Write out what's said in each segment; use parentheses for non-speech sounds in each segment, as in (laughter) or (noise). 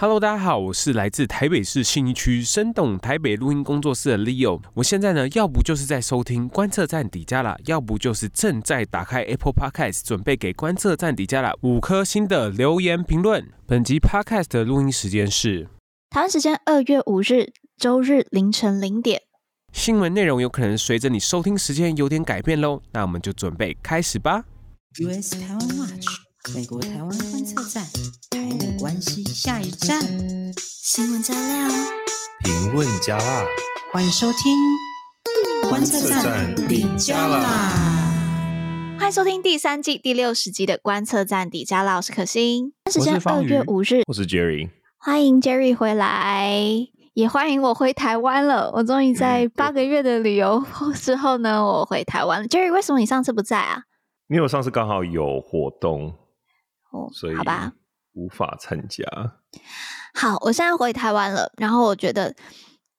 Hello，大家好，我是來自台北市信義區深動台北錄音工作室的 Leo。我現在呢，要不就是在收聽觀測站底加拉，要不就是正在打開 Apple Podcast，準備給觀測站底加拉五顆星的留言評論。本集 Podcast 的錄音時間是台灣時間二月五日周日凌晨零點。新聞內容有可能隨着你收聽時間有點改變嘍，那我們就準備開始吧。US Taiwan Watch。美國台灣觀測站，台美關係下一站，新聞加料，評論加辣，歡迎收聽觀測站底加啦。加歡迎收聽第三季第六十集的觀測站底加辣，我是可心，時間二月五日。我是 Jerry，歡迎 Jerry 回來。也歡迎我回台灣了。我終於在八個月的旅遊 (laughs) 之後呢，我回台灣了。Jerry，為什麼你上次不在啊？因為我上次剛好有活動。哦，所以好吧，無法參加。好，我現在回台灣了，然後我覺得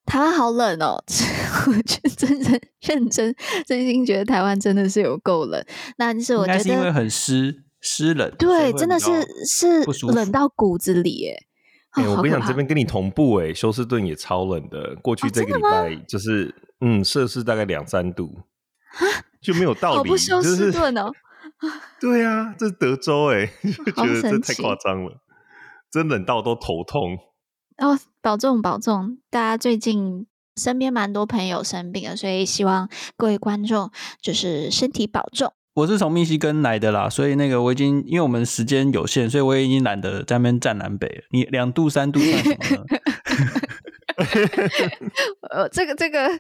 台灣好冷哦， (laughs) 我真真認真真，真心覺得台灣真的是有夠冷。但是我覺得是因為很濕濕冷，對，真的是是冷到骨子裡耶。哎、哦欸，我不想這邊跟你同步、欸，哎，休斯頓也超冷的。過去這個禮拜就是、哦、嗯，攝氏大概兩三度哈就沒有道理不休斯頓哦。就是 (laughs) (laughs) 對啊，這是德州哎、欸，就 (laughs) 覺得這太誇張了，好神奇，真冷到我都頭痛。哦，保重保重！大家最近身邊蠻多朋友生病了，所以希望各位觀眾就是身體保重。我是從密西根來的啦，所以那個我已經因為我們時間有限，所以我也已經懶得在那邊站南北了。你兩度三度算什麼？呃，這個這個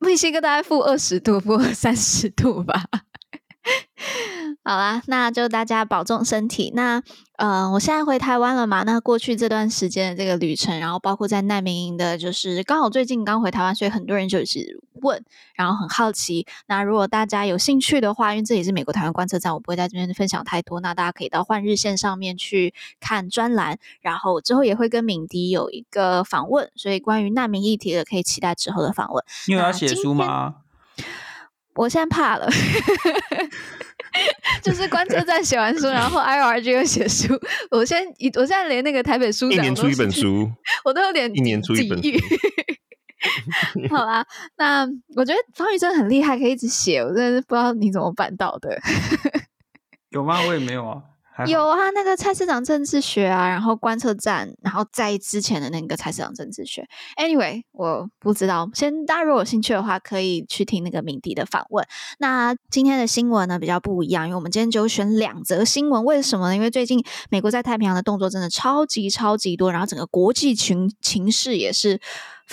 密西根大概負二十度，負三十度吧。 (laughs) 好啦，那就大家保重身體。那呃，我現在回台灣了嘛？那過去這段時間的這個旅程，然後包括在難民營的，就是剛好最近剛回台灣，所以很多人就一直問，然後很好奇。那如果大家有興趣的話，因為這裡是美國台灣觀測站，我不會在這邊分享太多。那大家可以到換日線上面去看專欄，然後之後也會跟敏迪有一個訪問。所以關於難民議題的，可以期待之後的訪問。你有要寫書嗎？我現在怕了， (laughs) 就是觀測站寫完書，然後 I R G 又寫書。我先，我現在連那個台北書展一年出一本書， (laughs) 我都有點抑鬱。好啦，那我覺得方宇真的很厲害，可以一直寫，我真的不知道你怎麼辦到的 (laughs) 。有嗎？我也沒有啊。有啊，那個菜市場政治學啊，然後觀測站，然後在之前的那個菜市場政治學。Anyway，我不知道，先大家如果有興趣的話，可以去聽那個敏迪的訪問。那今天的新聞呢，比較不一樣，因為我們今天就選兩則新聞，為什麼呢？因為最近美國在太平洋的動作真的超級超級多，然後整個國際情情勢也是。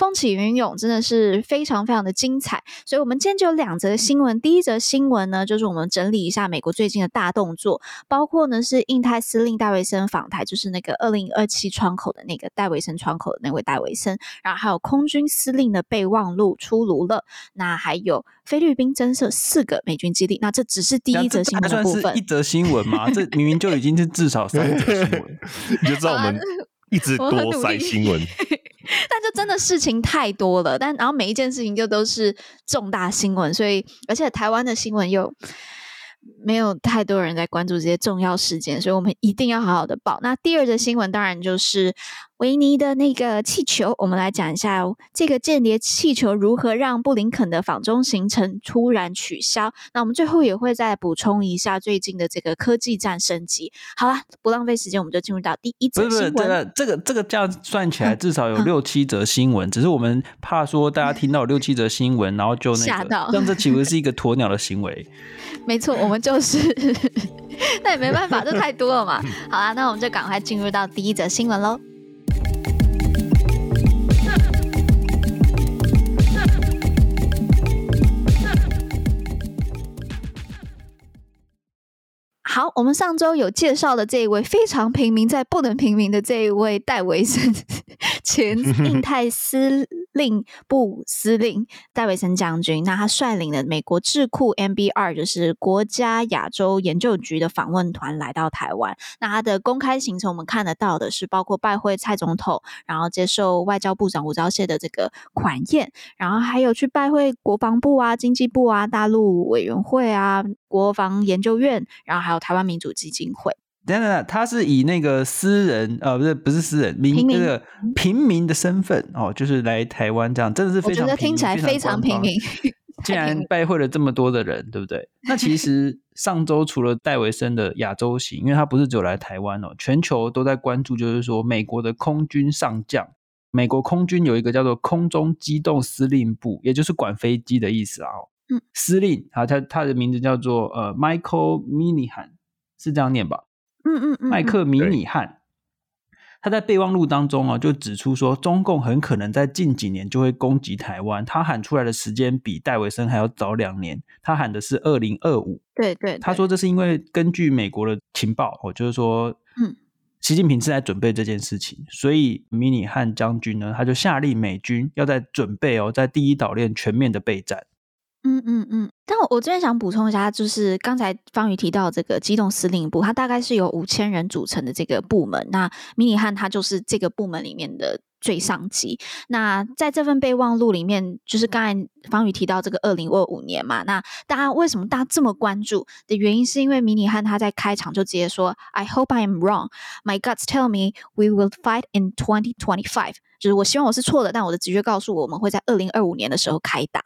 風起雲湧，真的是非常非常的精彩，所以，我們今天就有兩則新聞。嗯、第一則新聞呢，就是我們整理一下美國最近的大動作，包括呢是印太司令戴維森訪台，就是那個二零二七窗口的那個戴維森窗口的那位戴維森，然後還有空軍司令的備忘錄出爐了，那還有菲律賓增設四個美軍基地。那這只是第一則新聞的部分，這一則新聞嘛， (laughs) 這明明就已經是至少三則新聞， (laughs) 你就知道我們一直多塞新聞。 (laughs) 很努 (laughs) 那 (laughs) 就真的事情太多了，但然後每一件事情就都是重大新聞，所以而且台灣的新聞又沒有太多人在關注這些重要事件，所以我們一定要好好的報。那第二個新聞當然就是。維尼的那個氣球，我們來講一下哦，這個間諜氣球如何讓布林肯的訪中行程突然取消。那我們最後也會再補充一下最近的這個科技戰升級。好了，不浪費時間，我們就進入到第一則新聞。不是，不是對對對，這個，這個這個這樣算起來至少有六七則新聞，嗯、只是我們怕說大家聽到六七則新聞，嗯、然後就、那個、嚇到，像這豈不是一個鴕鳥的行為？沒錯，我們就是，那 (laughs) (laughs) 也沒辦法，這 (laughs) 太多了嘛。好啦，那我們就趕快進入到第一則新聞嘍。好，我們上周有介紹的這一位非常平民，在不能平民的這一位戴維森前印太司令部司令戴維森將軍，那他率領的美國智庫 NBR 就是國家亞洲研究局的訪問團來到台灣。那他的公開行程我們看得到的是，包括拜會蔡總統，然後接受外交部長吳釗燮的這個款宴，然後還有去拜會國防部啊、經濟部啊、大陸委員會啊。國防研究院，然後還有台灣民主基金會。等等，他是以那個私人，呃，不是不是私人，民那個平民的身份哦，就是來台灣這樣，真的是非常平民我覺得，聽起來非常光光，非常平民。 (laughs) 平民。竟然拜會了這麼多的人，對不對？那其實上周除了戴維森的亞洲行， (laughs) 因為他不是只有來台灣哦，全球都在關注，就是說美國的空軍上將，美國空軍有一個叫做空中機動司令部，也就是管飛機的意思啊、哦。司令啊，他他的名字叫做呃，Michael Minihan，是這樣念吧？嗯嗯嗯，嗯嗯麥克·米尼漢，對他在備忘錄當中啊、哦，就指出說，中共很可能在近幾年就會攻擊台灣。他喊出來的時間比戴維森還要早兩年，他喊的是二零二五。對，對對，他說這是因為根據美國的情報，哦，就是說，嗯，習近平正在準備這件事情，所以米尼漢將軍呢，他就下令美軍要在準備哦，在第一島鏈全面的備戰。嗯嗯嗯，但我我這邊想補充一下，就是剛才方宇提到這個機動司令部，它大概是由五千人組成的這個部門。那米尼漢他就是這個部門裡面的最上級。那在這份備忘錄裡面，就是剛才方宇提到這個二零二五年嘛，那大家為什麼大家這麼關注的原因，是因為米尼漢他在開場就直接說：“I hope I am wrong. My guts tell me we will fight in twenty twenty five.” 就是我希望我是錯的，但我的直覺告訴我我們會在二零二五年的時候開打。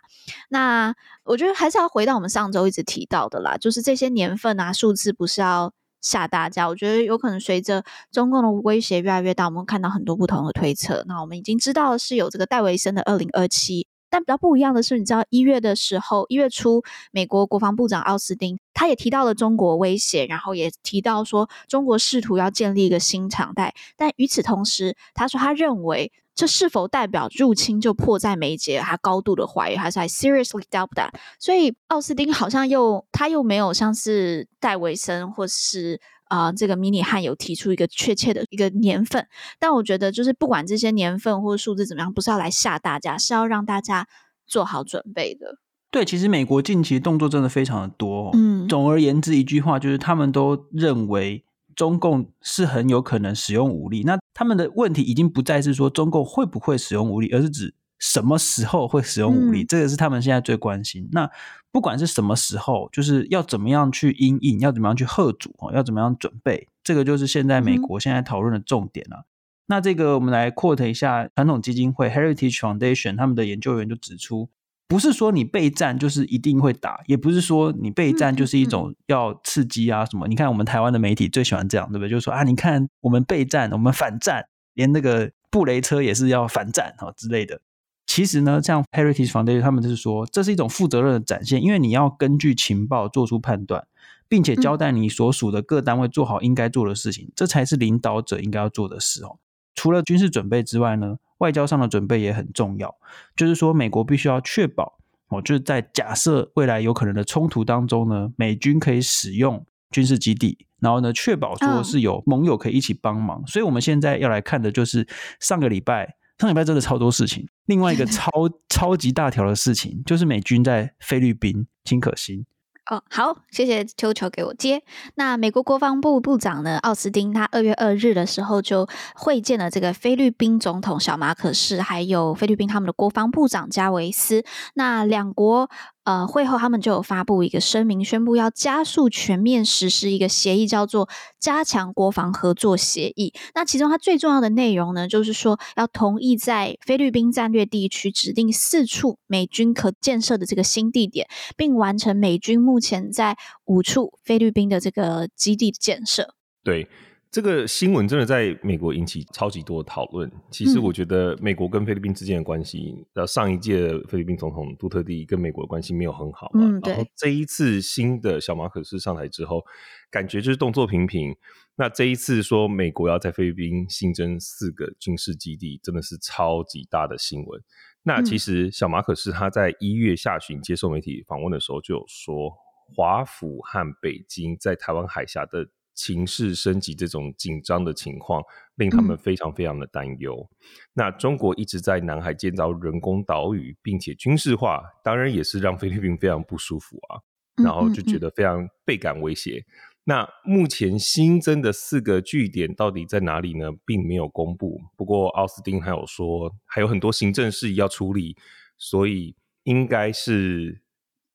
那我覺得還是要回到我們上周一直提到的啦，就是這些年份啊，數字不是要嚇大家。我覺得有可能隨着中共的威脅越來越大，我們看到很多不同的推測。那我們已經知道的是有這個戴維森的二零二七，但比較不一樣的是，你知道一月的時候，一月初，美國國防部長奧斯汀他也提到了中國威脅，然後也提到說中國試圖要建立一個新常態，但與此同時，他說他認為。這是否代表入侵就迫在眉睫？他高度的懷疑，還是還 seriously doubt that？所以奧斯汀好像又他又沒有像是戴維森或是啊、呃、這個米尼漢有提出一個確切的一個年份，但我覺得就是不管這些年份或者數字怎麼樣，不是要來嚇大家，是要讓大家做好準備的。對，其實美國近期動作真的非常的多、哦。嗯，總而言之一句話就是，他們都認為。中共是很有可能使用武力，那他們的問題已經不再是說中共會不會使用武力，而是指什麼時候會使用武力，嗯、這個是他們現在最關心。那不管是什麼時候，就是要怎麼樣去因應，要怎麼樣去嚇阻，要怎麼樣準備，這個就是現在美國現在討論的重點了、啊。嗯、那這個我們來 quote 一下傳統基金會 Heritage Foundation 他們的研究員就指出。不是說你備戰就是一定會打，也不是說你備戰就是一種要刺激啊什麼。嗯嗯，你看我們台灣的媒體最喜歡這樣，對不對？就是說啊，你看我們備戰，我們反戰，連那個布雷車也是要反戰啊之類的。其實呢，像 Heritage Foundation 他們就是說，這是一種負責任的展現，因為你要根據情報做出判斷，並且交代你所屬的各單位做好應該做的事情，嗯、這才是領導者應該要做的事哦。除了軍事準備之外呢？外交上的準備也很重要，就是說美國必須要確保哦，就是在假設未來有可能的衝突當中呢，美軍可以使用軍事基地，然後呢，確保說是有盟友可以一起幫忙。所以，我們現在要來看的就是上個禮拜，上禮拜真的超多事情。另外一個超超級大條的事情就是美軍在菲律賓金可心。哦，好，謝謝秋秋給我接。那美國國防部部長呢，奧斯汀他二月二日的時候就會見了這個菲律賓總統小馬可斯，還有菲律賓他們的國防部長加維斯。那兩國。呃，會後他們就有發布一個聲明，宣布要加速全面實施一個協議，叫做《加強國防合作協議》。那其中它最重要的內容呢，就是說要同意在菲律賓戰略地區指定四處美軍可建設的這個新地點，並完成美軍目前在五處菲律賓的這個基地的建設。對。這個新聞真的在美國引起超級多的討論。其實我覺得美國跟菲律賓之間的關係，呃、嗯，上一屆的菲律賓總統杜特蒂跟美國的關係沒有很好嘛。嗯、然後這一次新的小馬可斯上台之後，感覺就是動作頻頻。那這一次說美國要在菲律賓新增四個軍事基地，真的是超級大的新聞。嗯、那其實小馬可斯他在一月下旬接受媒體訪問的時候就有說，華府和北京在台灣海峽的。情勢升級，這種緊張的情況令他們非常非常的擔憂。嗯、那中國一直在南海建造人工島嶼，並且軍事化，當然也是讓菲律賓非常不舒服啊。然後就覺得非常倍感威脅。嗯嗯嗯，那目前新增的四個據點到底在哪裡呢？並沒有公布。不過奧斯汀還有說，還有很多行政事宜要處理，所以應該是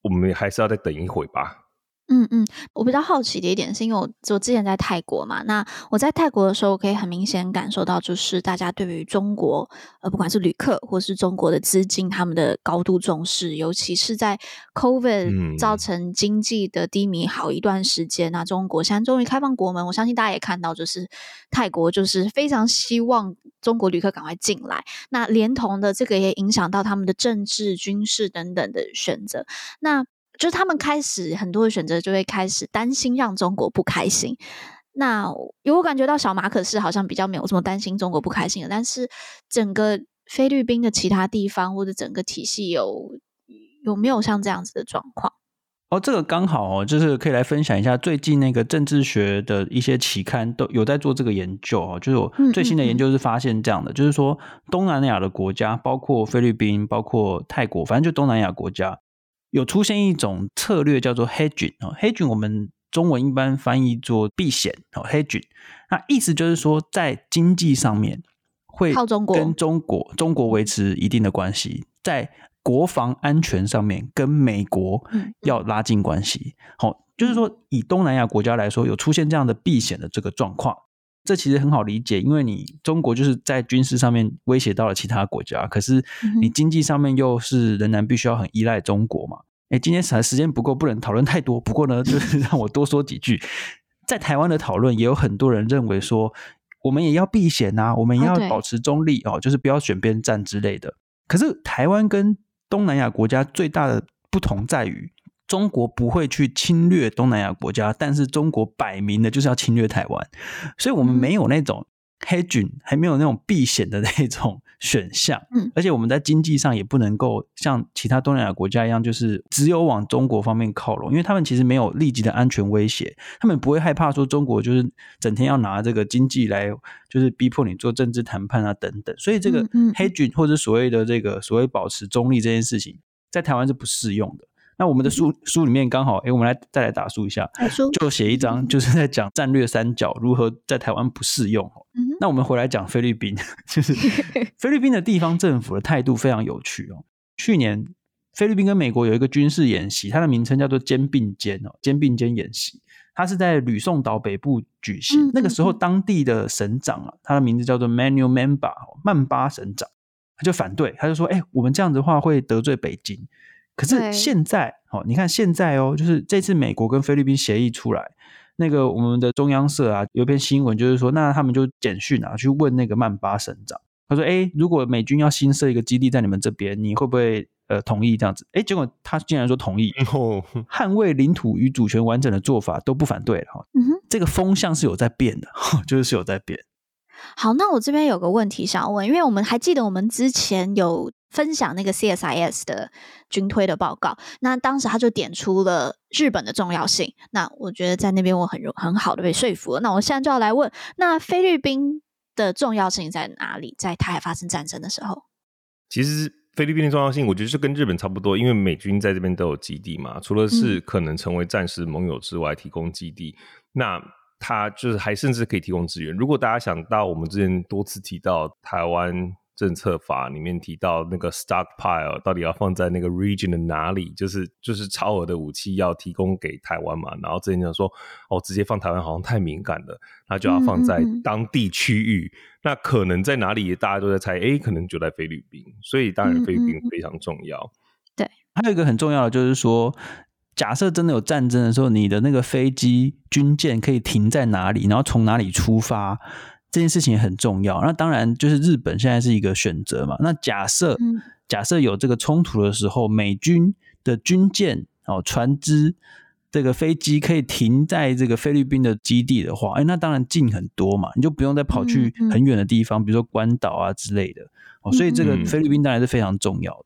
我們還是要再等一會吧。嗯嗯，我比較好奇的一點是，因為我我之前在泰國嘛，那我在泰國的時候，我可以很明顯感受到，就是大家對於中國，呃，不管是旅客或是中國的資金，他們的高度重視。尤其是在 COVID 造成經濟的低迷好一段時間啊，嗯。那中國現在終於開放國門。我相信大家也看到，就是泰國就是非常希望中國旅客趕快進來，那連同的這個也影響到他們的政治、軍事等等的選擇。那。就是他們開始很多的選擇就會開始擔心讓中國不開心。那因為我感覺到小馬可仕好像比較沒有什麼擔心中國不開心的，但是整個菲律賓的其他地方或者整個體系有有沒有像這樣子的狀況？哦，這個剛好哦，就是可以來分享一下最近那個政治學的一些期刊都有在做這個研究哦。就是我最新的研究是發現這樣的，嗯嗯嗯，就是說東南亞的國家，包括菲律賓，包括泰國，反正就東南亞國家。有出現一種策略叫做 hedging，哦，hedging 我們中文一般翻譯做避險，哦，hedging，那意思就是說在經濟上面會跟中國靠中國中國維持一定的關係，在國防安全上面跟美國要拉近關係，好，嗯嗯，就是說以東南亞國家來說，有出現這樣的避險的這個狀況。這其實很好理解，因為你中國就是在軍事上面威脅到了其他國家，可是你經濟上面又是仍然必須要很依賴中國嘛。哎，今天才時間不夠，不能討論太多。不過呢，就是讓我多說幾句， (laughs) 在台灣的討論也有很多人認為說，我們也要避險啊，我們也要保持中立、oh, 對哦，就是不要選邊站之類的。可是台灣跟東南亞國家最大的不同在於。中國不會去侵略東南亞國家，但是中國擺明的就是要侵略台灣，所以我們沒有那種 hedge，還沒有那種避險的那種選項，嗯，而且我們在經濟上也不能夠像其他東南亞國家一樣，就是只有往中國方面靠攏，因為他們其實沒有立即的安全威脅，他們不會害怕說中國就是整天要拿這個經濟來就是逼迫你做政治談判啊等等，所以這個 hedge 或者所謂的這個所謂保持中立這件事情，在台灣是不適用的。那我們的書書裡面剛好，嗯、哼誒我們來再來打書一下，就寫一章就是在講戰略三角如何在台灣不適用。嗯、哼那我們回來講菲律賓，就是、菲律賓的地方政府的態度非常有趣、哦、 (laughs) 去年菲律賓跟美國有一個軍事演習，它的名稱叫做“肩並肩”，“肩並肩”演習，它是在呂宋島北部舉行。嗯、哼那個時候，當地的省長啊，他的名字叫做 Manuel Mamba 曼巴省長，他就反對，他就說：“哎，我們這樣子的話會得罪北京。”可是現在，Okay. 哦，你看現在哦，就是這次美國跟菲律賓協議出來，那個我們的中央社啊，有一篇新聞就是說，那他們就簡訊啊去問那個曼巴省長，他說，哎、欸，如果美軍要新設一個基地在你們這邊，你會不會呃同意這樣子？哎、欸，結果他竟然說同意，oh. 捍衛領土與主權完整的做法都不反對了。嗯、哦、哼，mm hmm. 這個風向是有在變的，就是有在變。好，那我這邊有個問題想問，因為我們還記得我們之前有分享那個 CSIS 的軍推的報告，那當時他就點出了日本的重要性。那我覺得在那邊我很很好的被說服了。那我現在就要來問，那菲律賓的重要性在哪裡？在台海發生戰爭的時候，其實菲律賓的重要性，我覺得是跟日本差不多，因為美軍在這邊都有基地嘛，除了是可能成為戰時盟友之外，提供基地。嗯、那他就是還甚至可以提供資源。如果大家想到我們之前多次提到台灣政策法裡面提到那個 stockpile，到底要放在那個 region 的哪裡？就是就是超額的武器要提供給台灣嘛。然後之前講說哦，直接放台灣好像太敏感了，那就要放在當地區域。嗯嗯，那可能在哪裡？大家都在猜，哎、欸，可能就在菲律賓。所以當然菲律賓非常重要。嗯嗯，對，還有一個很重要的就是說。假設真的有戰爭的時候，你的那個飛機、軍艦可以停在哪裡，然後從哪裡出發，這件事情很重要。那當然，就是日本現在是一個選擇嘛。那假設，假設有這個衝突的時候，美軍的軍艦哦、船隻、這個飛機可以停在這個菲律賓的基地的話，哎，那當然近很多嘛，你就不用再跑去很遠的地方，比如說關島啊之類的。哦，所以這個菲律賓當然是非常重要的。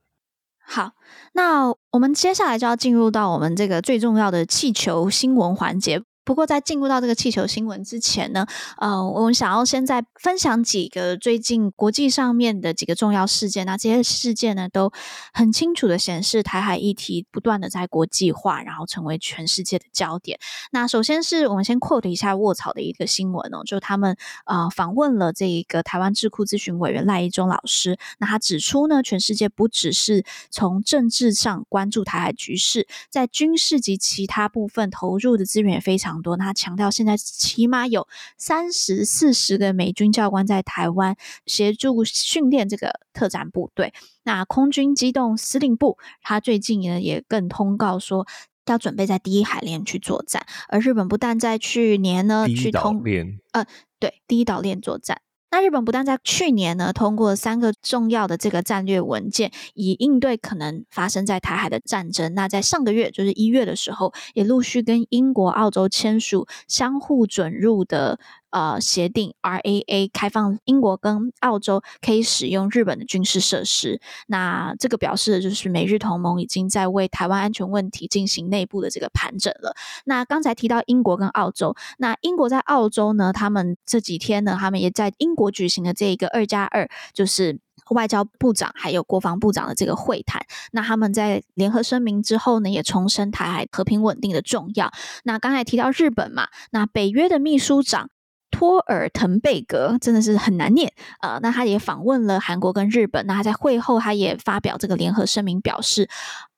好，那我們接下來就要進入到我們這個最重要的氣球新聞環節。不過，在進入到這個氣球新聞之前呢，呃，我們想要先再分享幾個最近國際上面的幾個重要事件。那這些事件呢，都很清楚的顯示，台海議題不斷的在國際化，然後成為全世界的焦點。那首先是我們先 quote 一下臥槽的一個新聞哦，就他們呃訪問了這一個台灣智庫諮詢委員賴一中老師。那他指出呢，全世界不只是從政治上關注台海局勢，在軍事及其他部分投入的資源也非常多，他強調，現在起碼有三十四十個美軍教官在台灣協助訓練這個特戰部隊。那空軍機動司令部，他最近呢也更通告說，要準備在第一海鏈去作戰。而日本不但在去年呢去通，呃，對第一島鏈作戰。那日本不但在去年呢通過三個重要的這個戰略文件，以應對可能發生在台海的戰爭，那在上個月就是一月的時候，也陸續跟英國、澳洲簽署相互准入的。呃，協定 RAA 開放英國跟澳洲可以使用日本的軍事設施。那這個表示的就是美日同盟已經在為台灣安全問題進行內部的這個盤整了。那剛才提到英國跟澳洲，那英國在澳洲呢，他們這幾天呢，他們也在英國舉行了這一個二加二，2，就是外交部長還有國防部長的這個會談。那他們在聯合聲明之後呢，也重申台海和平穩定的重要。那剛才提到日本嘛，那北約的秘書長。托爾滕貝格真的是很難念，呃，那他也訪問了韓國跟日本，那他在會後他也發表這個聯合聲明，表示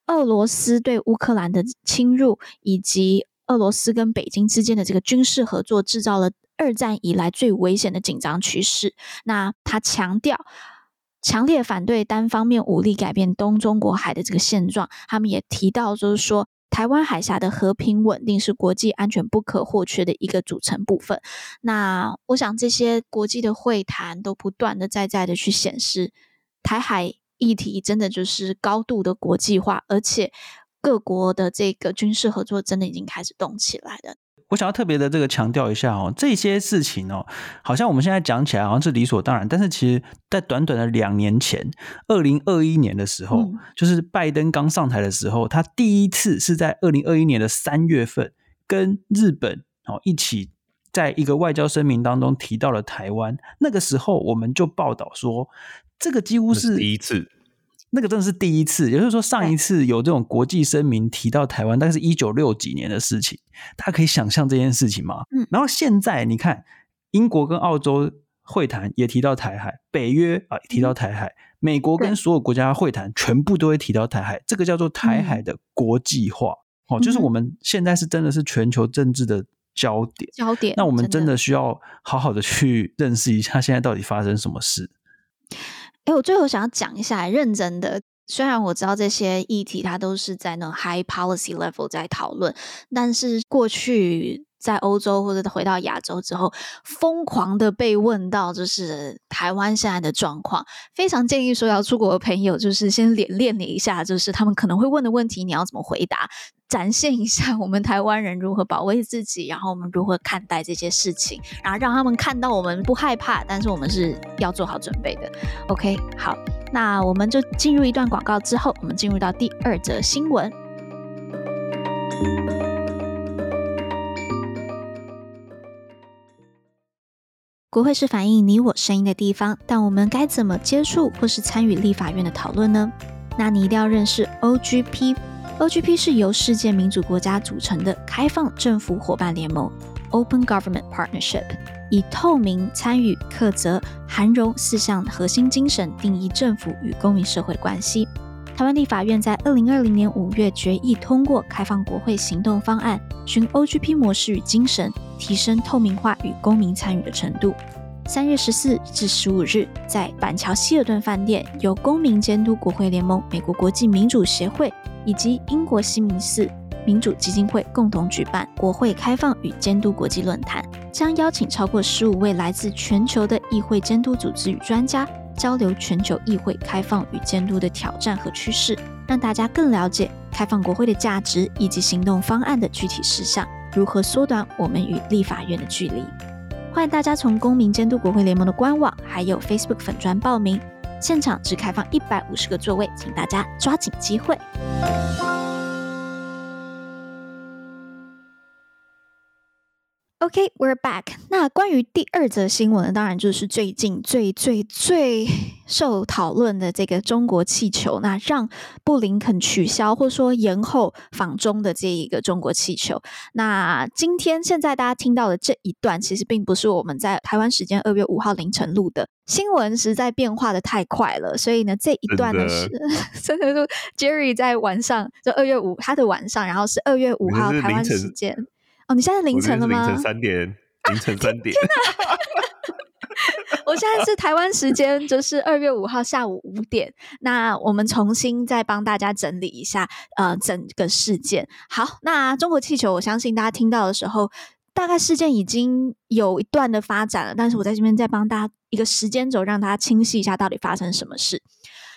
俄羅斯對烏克蘭的侵入以及俄羅斯跟北京之間的這個軍事合作，制造了二戰以來最危險的緊張趨勢。那他強調，強烈反對單方面武力改變東中國海的這個現狀。他們也提到，就是說。台灣海峽的和平穩定是國際安全不可或缺的一個組成部分。那我想，這些國際的會談都不斷的在在的去顯示，台海議題真的就是高度的國際化，而且各國的這個軍事合作真的已經開始動起來了。我想要特別的這個強調一下哦，這些事情哦，好像我們現在講起來好像是理所當然，但是其實，在短短的兩年前，二零二一年的時候，嗯、就是拜登剛上台的時候，他第一次是在二零二一年的三月份，跟日本哦一起，在一個外交聲明當中提到了台灣。嗯、那個時候，我們就報道說，這個幾乎是，是第一次。那個真的是第一次，也就是說，上一次有這種國際聲明提到台灣，大概是一九六幾年的事情。大家可以想象這件事情嗎？嗯。然後現在你看，英國跟澳洲會談也提到台海，北約啊提到台海，美國跟所有國家會談全部都會提到台海，這個叫做台海的國際化哦，就是我們現在是真的是全球政治的焦點。焦點。那我們真的需要好好的去認識一下，現在到底發生什麼事？哎，我最後想要講一下，認真的。雖然我知道這些議題它都是在那種 high policy level 在討論，但是過去在歐洲或者回到亞洲之後，瘋狂的被問到，就是台灣現在的狀況。非常建議說要出國的朋友，就是先練練你一下，就是他們可能會問的問題，你要怎麼回答。展現一下我們台灣人如何保衛自己，然後我們如何看待這些事情，然後讓他們看到我們不害怕，但是我們是要做好準備的。OK，好，那我們就進入一段廣告之後，我們進入到第二則新聞。國會是反映你我聲音的地方，但我們該怎麼接觸或是參與立法院的討論呢？那你一定要認識 OGP。OGP 是由世界民主國家組成的開放政府夥伴聯盟 （Open Government Partnership），以透明、參與、課責、涵容四項核心精神定義政府與公民社會關係。台灣立法院在二零二零年五月決議通過《開放國會行動方案》，循 OGP 模式與精神，提升透明化與公民參與的程度。三月十四至十五日，在板橋希爾頓飯店，由公民監督國會聯盟、美國國際民主協會以及英國西敏寺民主基金會共同舉辦“國會開放與監督國際論壇”，將邀請超過十五位來自全球的議會監督組織與專家，交流全球議會開放與監督的挑戰和趨勢，讓大家更了解開放國會的價值以及行動方案的具體事項，如何縮短我們與立法院的距離。歡迎大家從公民監督國會聯盟的官網，還有 Facebook 粉專報名。現場只開放一百五十個座位，請大家抓緊機會。OK，we're back。那關於第二則新聞，當然就是最近最最最受討論的這個中國氣球，那讓布林肯取消或說延後訪中的這一個中國氣球。那今天現在大家聽到的這一段，其實並不是我們在台灣時間二月五號凌晨錄的新聞，實在變化得太快了。所以呢，這一段呢是真的是 Jerry 在晚上，就二月五他的晚上，然後是二月五號台灣時間。哦，你現在凌晨了嗎？凌晨三點，凌晨三點。啊、天哪 (laughs) 我現在是台灣時間，就是二月五號下午五點。那我們重新再幫大家整理一下，呃，整個事件。好，那、啊、中國氣球，我相信大家聽到的時候，大概事件已經有一段的發展了。但是我在這邊再幫大家一個時間軸，讓大家清晰一下到底發生什麼事。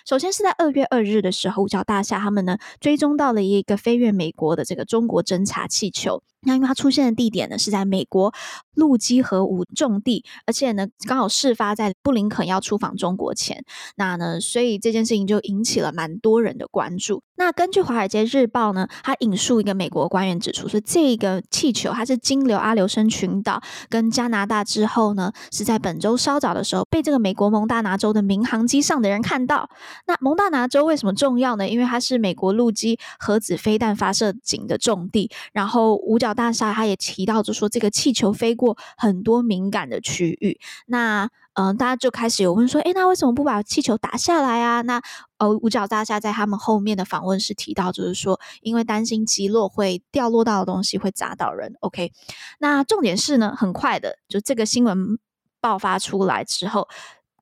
首先是在二月二日的時候，五角大廈他們呢追蹤到了一個飛越美國的這個中國偵察氣球。那因為它出現的地點呢是在美國陸基核武重地，而且呢剛好事發在布林肯要出訪中國前，那呢所以這件事情就引起了蠻多人的關注。那根據《華爾街日報》呢，它引述一個美國官員指出，說這個氣球它是經由阿留申群島跟加拿大之後呢，是在本週稍早的時候被這個美國蒙大拿州的民航機上的人看到。那蒙大拿州為什麼重要呢？因為它是美國陸基核子飛彈發射井的重地，然後五角大廈，他也提到，就是說這個氣球飛過很多敏感的區域。那，嗯、呃，大家就開始有問說，哎、欸，那為什麼不把氣球打下來啊？那，呃，五角大廈在他們後面的訪問時提到，就是說，因為擔心擊落會掉落到的東西會砸到人。OK，那重點是呢，很快的，就這個新聞爆發出來之後，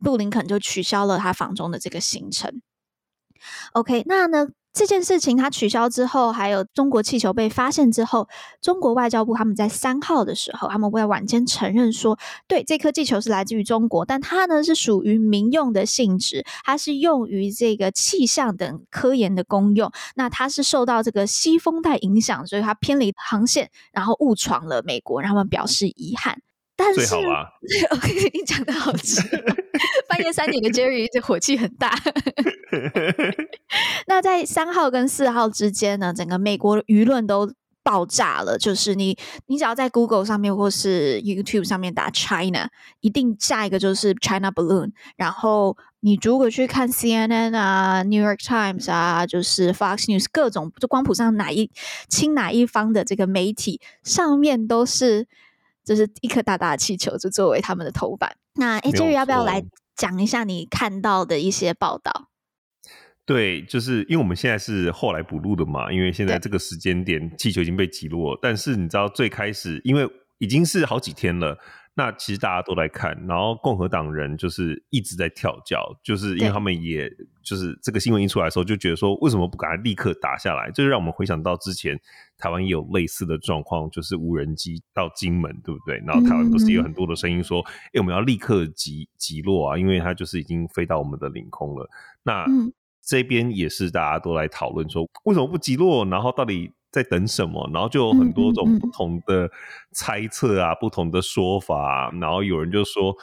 布林肯就取消了他訪中的這個行程。OK，那呢？這件事情他取消之後，還有中國氣球被發現之後，中國外交部他們在三號的時候，他們會在晚間承認說，對，這顆氣球是來自於中國，但它呢是屬於民用的性質，它是用於這個氣象等科研的功用。那它是受到這個西風帶影響，所以它偏離航線，然後誤闖了美國，讓他們表示遺憾。但是最好啊！我跟、 (laughs) okay, 你講的好吃、喔， (laughs) 半夜三點的 Jerry 這火氣很大。 (laughs) (laughs) (laughs) 那在三號跟四號之間呢，整個美國輿論都爆炸了。就是你，你只要在 Google 上面或是 YouTube 上面打 China，一定下一個就是 China Balloon。然後你如果去看 CNN 啊、New York Times 啊，就是 Fox News 各種，就光譜上哪一親哪一方的這個媒體上面都是。就是一顆大大的氣球，就作為他們的頭版。那哎 j 要不要來講一下你看到的一些報道？對，就是因為我們現在是後來補錄的嘛，因為現在這個時間點對氣球已經被擠落。但是你知道，最開始因為已經是好幾天了。那其實大家都來看，然後共和黨人就是一直在跳腳，就是因為他們也對就是這個新聞一出來的時候，就覺得說為什麼不趕快立刻打下來？就是、讓我們回想到之前台灣也有類似的狀況，就是無人機到金門，對不對？然後台灣不是有很多的聲音說，誒、嗯嗯欸，我們要立刻擊擊落啊，因為它就是已經飛到我們的領空了。那這邊也是大家都來討論說，為什麼不擊落？然後到底？在等什麼？然後就有很多種不同的猜測啊，嗯嗯嗯、不同的說法、啊。然後有人就說，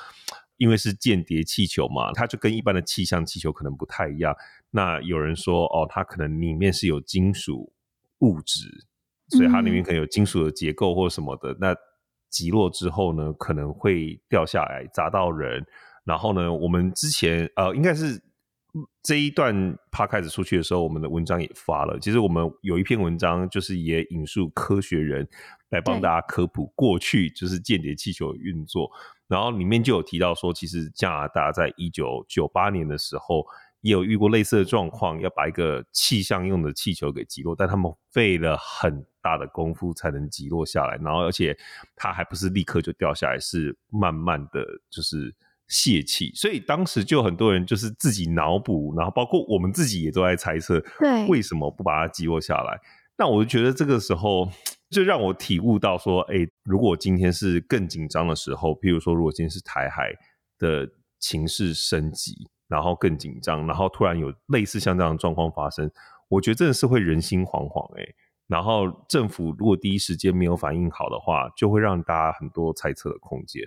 因為是間諜氣球嘛，它就跟一般的氣象氣球可能不太一樣。那有人說，哦，它可能裡面是有金屬物質，所以它裡面可能有金屬的結構或什麼的。嗯、那擊落之後呢，可能會掉下來砸到人。然後呢，我們之前呃，應該是。這一段 Podcast 開始出去的時候，我們的文章也發了。其實我們有一篇文章，就是也引述《科學人》來幫大家科普過去，就是間諜氣球的運作。對然後裡面就有提到說，其實加拿大在一九九八年的時候也有遇過類似的狀況，要把一個氣象用的氣球給擊落，但他們費了很大的功夫才能擊落下來。然後而且它還不是立刻就掉下來，是慢慢的就是。洩氣，所以當時就很多人就是自己腦補，然後包括我們自己也都在猜測，為什麼不把它擊落下來？對那我就覺得這個時候就讓我體悟到說，哎、欸，如果今天是更緊張的時候，譬如說如果今天是台海的情勢升級，然後更緊張，然後突然有類似像這樣的狀況發生，我覺得真的是會人心惶惶誒、欸。然後政府如果第一時間沒有反應好的話，就會讓大家很多猜測的空間。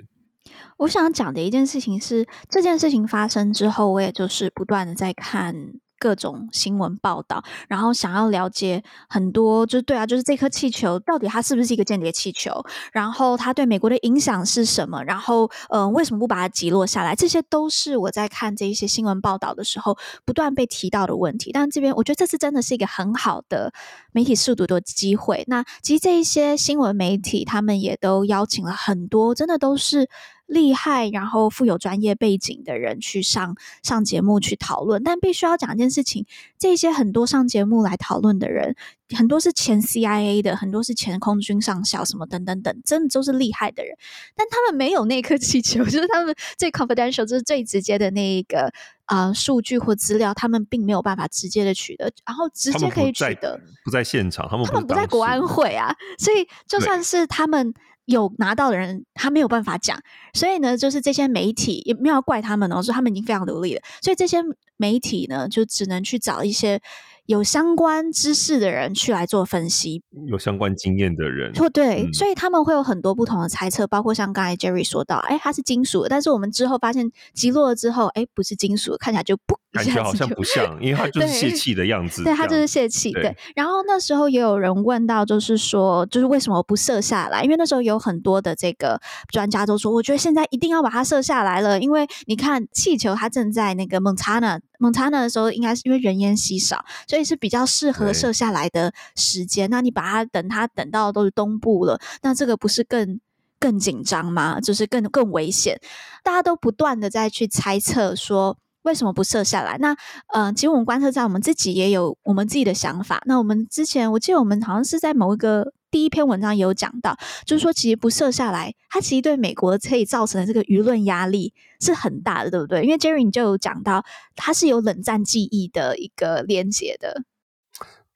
我想講的一件事情是，這件事情發生之後，我也就是不斷的在看各種新聞報道，然後想要了解很多，就是對啊，就是這顆氣球到底它是不是一個間諜氣球，然後它對美國的影響是什麼，然後嗯、呃，為什麼不把它擊落下來？這些都是我在看這些新聞報道的時候不斷被提到的問題。但這邊我覺得這次真的是一個很好的媒體識讀的機會。那其實這一些新聞媒體他們也都邀請了很多，真的都是。厲害，然後富有專業背景的人去上上節目去討論，但必須要講一件事情：這些很多上節目來討論的人，很多是前 CIA 的，很多是前空軍上校，什麼等等等，真的都是厲害的人。但他們沒有那顆氣球，就是他們最 confidential，就是最直接的那一個啊、呃、數據或資料，他們並沒有辦法直接的取得，然後直接可以取得，不在，不在現場，他們他們不在國安會啊，所以就算是他們。有拿到的人，他沒有辦法講，所以呢，就是這些媒體也沒有要怪他們哦，然後說他們已經非常努力了，所以這些媒體呢，就只能去找一些。有相關知識的人去來做分析，有相關經驗的人，就對，嗯、所以他們會有很多不同的猜測，包括像剛才 Jerry 說到，哎、欸，它是金屬，但是我們之後發現擊落了之後，哎、欸，不是金屬，看起來就不，感覺好像不像， (laughs) 對因為它就是洩氣的樣子樣，對，它就是洩氣。對，對，然後那時候也有人問到，就是說，就是為什麼不射下來？因為那時候有很多的這個專家都說，我覺得現在一定要把它射下來了，因為你看氣球它正在那個 Montana 蒙大拿的時候，應該是因為人煙稀少，所以是比較適合射下來的時間。對那你把它等它等到都是東部了，那這個不是更更緊張嗎？就是更更危險。大家都不斷的在去猜測說為什麼不射下來？那嗯、呃，其實我們觀測站我們自己也有我們自己的想法。那我們之前我記得我們好像是在某一個。第一篇文章也有講到，就是說其實不射下來，它其實對美國可以造成的這個輿論壓力是很大的，對不對？因為 Jerry 你就有講到，它是有冷戰記憶的一個連接的。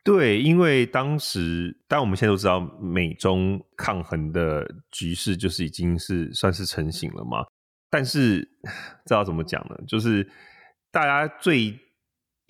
對，因為當時，當我們現在都知道，美中抗衡的局勢就是已經是算是成型了嘛。但是知道怎麼講呢？就是大家最。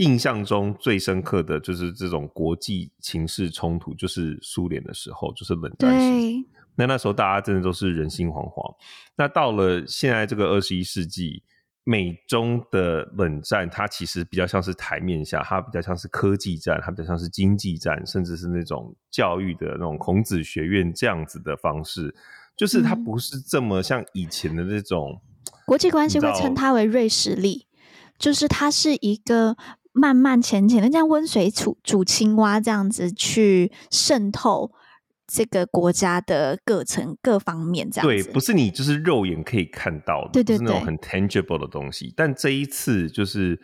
印象中最深刻的就是這種國際情勢衝突，就是蘇聯的時候，就是冷戰時。對，那那時候大家真的都是人心惶惶。那到了現在這個二十一世紀，美中的冷戰，它其實比較像是台面下，它比較像是科技戰，它比較像是經濟戰，甚至是那種教育的那種孔子學院這樣子的方式，就是它不是這麼像以前的那種、嗯、國際關係會稱它為銳實力，就是它是一個。慢慢淺淺的，像溫水煮煮青蛙這樣子去滲透這個國家的各層各方面，這樣子。對，不是你就是肉眼可以看到的，對對對，是那種很 tangible 的東西。但這一次就是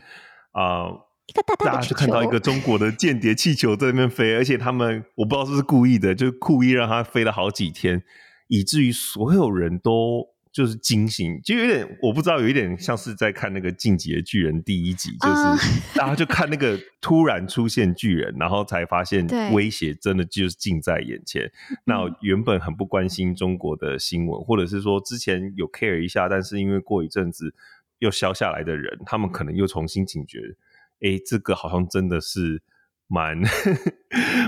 啊，呃、一個大，大，大家就看到一個中國的間諜氣球在那邊飛，而且他們，我不知道是不是故意的，就故意讓它飛了好幾天，以至於所有人都。就是驚醒，就有點我不知道，有一點像是在看那個《進擊的巨人》第一集，嗯、就是，然後、 (laughs) 啊、就看那個突然出現巨人，然後才發現威脅真的就是近在眼前。對那原本很不關心中國的新聞，嗯、或者是說之前有 care 一下，但是因為過一陣子又消下來的人，嗯、他們可能又重新警覺，哎、欸，這個好像真的是。蠻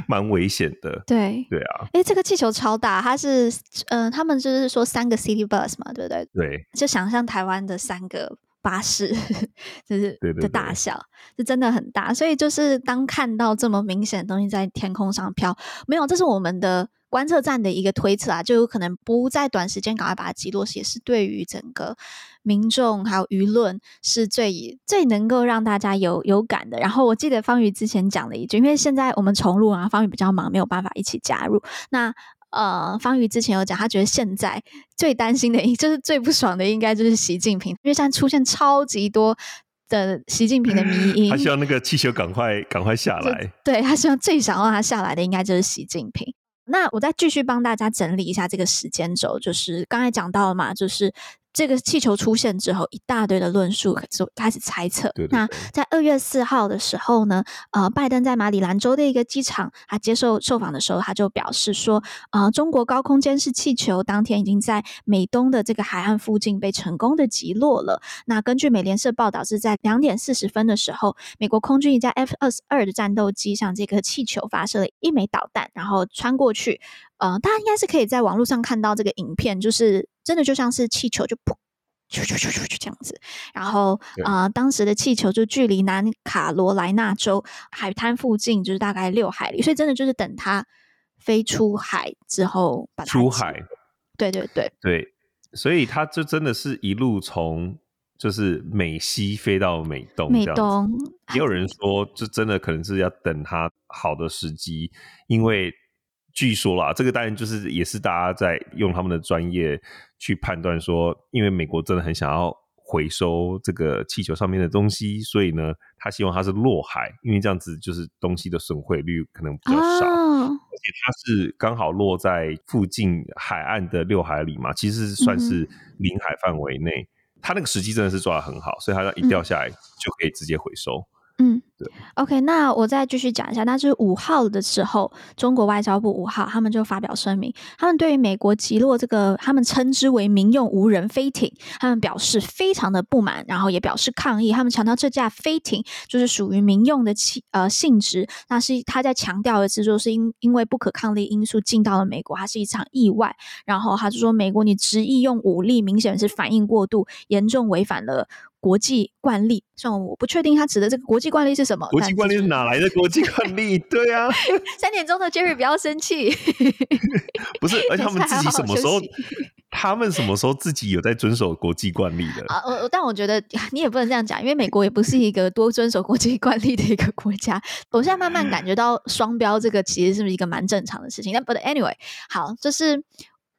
蠻危險的，對對啊。哎、欸，這個氣球超大，它是嗯、呃，他們就是說三個 city bus 嘛，對不對？對，就想象台灣的三個巴士，就是的大小，就真的很大。所以就是當看到這麼明顯的東西在天空上飄，沒有，這是我們的觀測站的一個推測啊，就有可能不在短時間趕快把它擊落，也是對於整個。民眾還有輿論是最最能夠讓大家有有感的。然後我記得方宇之前講了一句，因為現在我們重錄，然後方宇比較忙，沒有辦法一起加入。那呃，方宇之前有講，他覺得現在最擔心的，就是最不爽的，應該就是習近平，因為現在出現超級多的習近平的迷因。他希望那個氣球趕快趕快下來。對，他希望最想讓他下來的，應該就是習近平。那我再繼續幫大家整理一下這個時間軸，就是剛才講到了嘛，就是。這個氣球出現之後，一大堆的論述開始猜測。對對對。那在二月四號的時候呢，呃，拜登在馬里蘭州的一個機場，他接受受訪的時候，他就表示說，呃，中國高空監視氣球當天已經在美東的這個海岸附近被成功的擊落了。那根據美聯社報道，是在兩點四十分的時候，美國空軍一架 F 二十二的戰鬥機向這個氣球發射了一枚導彈，然後穿過去。呃，大家應該是可以在網絡上看到這個影片，就是真的就像是氣球，就噗，啾啾啾啾啾這樣子。然後，對呃，當時的氣球就距離南卡羅來納州海灘附近，就是大概六海里，所以真的就是等它飛出海之後把他，把出海，對對對對，對所以它就真的是一路從就是美西飛到美東，美東也有人說，這真的可能是要等它好的時機，嗯、因為。據說啦，這個當然就是也是大家在用他們的專業去判斷說，因為美國真的很想要回收這個氣球上面的東西，所以呢，他希望它是落海，因為這樣子就是東西的損毀率可能比較少，啊、而且它是剛好落在附近海岸的六海里嘛，其實算是領海範圍內，嗯、他那個時機真的是抓得很好，所以它一掉下來就可以直接回收。OK，那我再繼續講一下。那是五號的時候，中國外交部五號他們就發表聲明，他們對於美國擊落這個他們稱之為民用無人飛艇，他們表示非常的不滿，然後也表示抗議。他們強調這架飛艇就是屬於民用的性呃性質，那是他在強調的時候，就是因因為不可抗力因素進到了美國，它是一場意外。然後他就說，美國你執意用武力，明顯是反應過度，嚴重違反了。國際慣例，雖然，我不確定他指的這個國際慣例是什麼。國際慣例是哪來的 (laughs) 國際慣例？對啊， (laughs) 三點鐘的 Jerry 不要生氣。 (laughs) (laughs) 不是，而且，他們自己什麼時候？ (laughs) 他們什麼時候自己有在遵守國際慣例的？啊，我但我覺得你也不能這樣講，因為美國也不是一個多遵守國際慣例的一個國家。 (laughs) 我現在慢慢感覺到雙標這個其實是一個蠻正常的事情。 (laughs) 但 But anyway，好，就是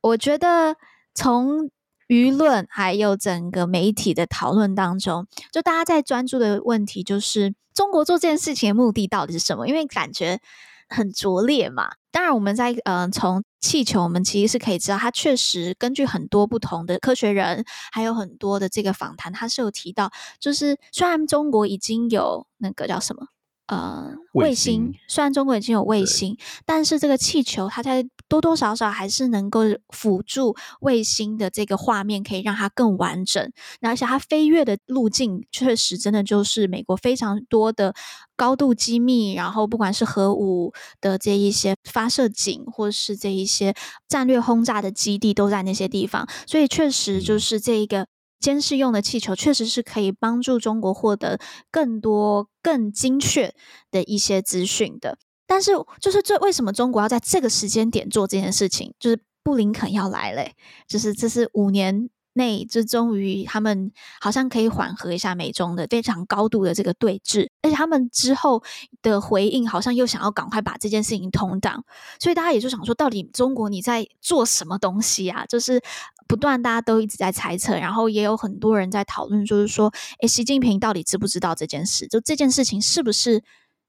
我覺得從。輿論還有整個媒體的討論當中，就大家在專注的問題，就是中國做這件事情的目的到底是什麼？因為感覺很拙劣嘛。當然，我們在嗯、呃，從氣球，我們其實是可以知道，它確實根據很多不同的科學人，還有很多的這個訪談，它是有提到，就是雖然中國已經有那個叫什麼。呃，衛星，雖然中國已經有衛星，對但是這個氣球，它在多多少少還是能夠輔助衛星的這個畫面，可以讓它更完整。而且它飛越的路徑確實真的就是美國非常多的高度機密，然後不管是核武的這一些發射井，或是這一些戰略轟炸的基地，都在那些地方，所以確實就是這一個。監視用的氣球確實是可以幫助中國獲得更多、更精確的一些資訊的，但是就是這，為什麼中國要在這個時間點做這件事情？就是布林肯要來嘞，欸，就是這是五年內，這終於他們好像可以緩和一下美中的非常高度的這個對峙，而且他們之後的回應好像又想要趕快把這件事情 tone down，所以大家也就想說，到底中國你在做什麼東西啊？就是不斷大家都一直在猜測，然後也有很多人在討論，就是說，哎，習近平到底知不知道這件事？就這件事情是不是